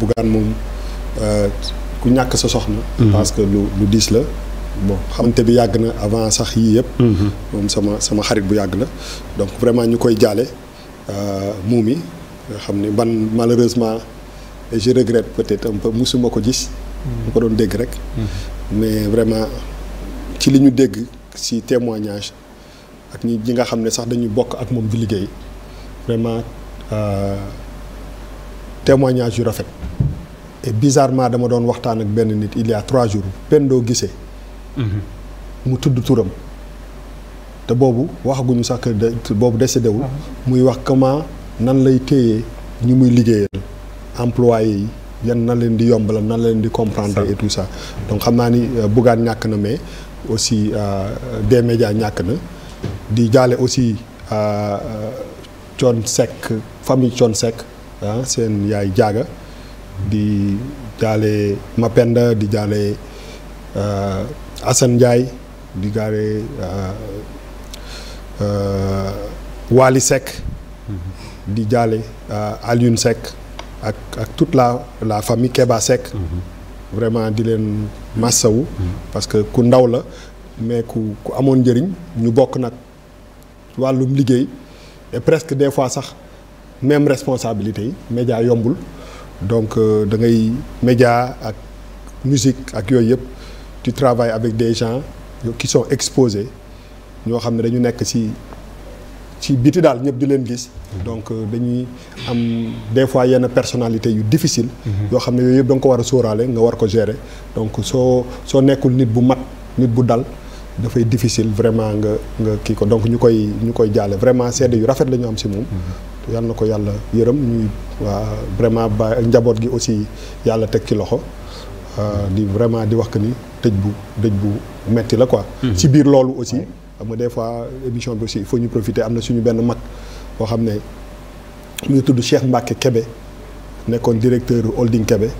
Bougane moom euh, ku ñàkk sa soxna. Mhm. parce que lu diis la. bon xamante bi yàgg na avant sax yii yëpp. Mhm. moom sama sama xarit bu yàgg la donc vraiment ñu koy jaale euh, muum yi nga xam ne ban malheureusement et je regrette peut-être un peu musuma ko ji mu mhm. ko doon dégg rek. mais vraiment ci li ñu dégg si témoignage ak ñi ji nga xam ne sax dañuy bokk ak moom di liggéey euh, témoignage yu rafet et dama doon waxtaan ak benn nit il y a trois jours Pendo Guissé mhm. mu tudd turam te boobu waxaguñu sax que boobu décédé wul mhm. muy wax comment nan lay téyee ñu muy liggéeyal employé yi yan nan leen di yombalal nan leen di comprendre et tout ça donc xam naa ni euh, Bougane ñàkk na mais aussi euh, des médias ñàkk na di jaale aussi euh, Thione Seck famille Thione Seck Ah, seen yaay jaaga di jaale Mapenda di jaale ah, Assane Ndiaye di jaale ah, Wali Seck di jaale Alioune Seck ak ak toute la la famille Keba Seck vraiment di leen massawu parce que ku ndaw la mais ku ku amoon njëriñ ñu bokk nag wàllum liggéey et presque des fois sax même responsabilité yi média yombul donc euh, da ngay média ak musique ak yooyu yëpp tu travailles avec des gens qui sont exposés ñoo xam ne dañu nekk ci ci biti daal ñëpp di leen gis. donc euh, dañuy am des fois yenn personnalité yu difficile. Mhm. yoo xam ne yooyu yëpp da nga ko war a sóoraale nga war ko gérer donc soo soo nekkul nit bu mat nit bu dal dafay difficile vraiment nga nga kii ko donc ñu koy ñu koy jaale vraiment seede yu rafet la ñu am ci moom. Mhm. yal na ko yàlla yërëm ñuy waa vraiment ba njaboot gi aussi yàlla teg ci loxo euh, di vraiment di wax que ni tëj bu dëj bu metti la quoi. Mhm. ci biir loolu aussi xam nga des fois émission bi aussi il faut ñu profiter am na suñu benn mag boo xam ne mu ngi tudd Cheikh Mbacke kebe nekkoon directeur holding Kébé.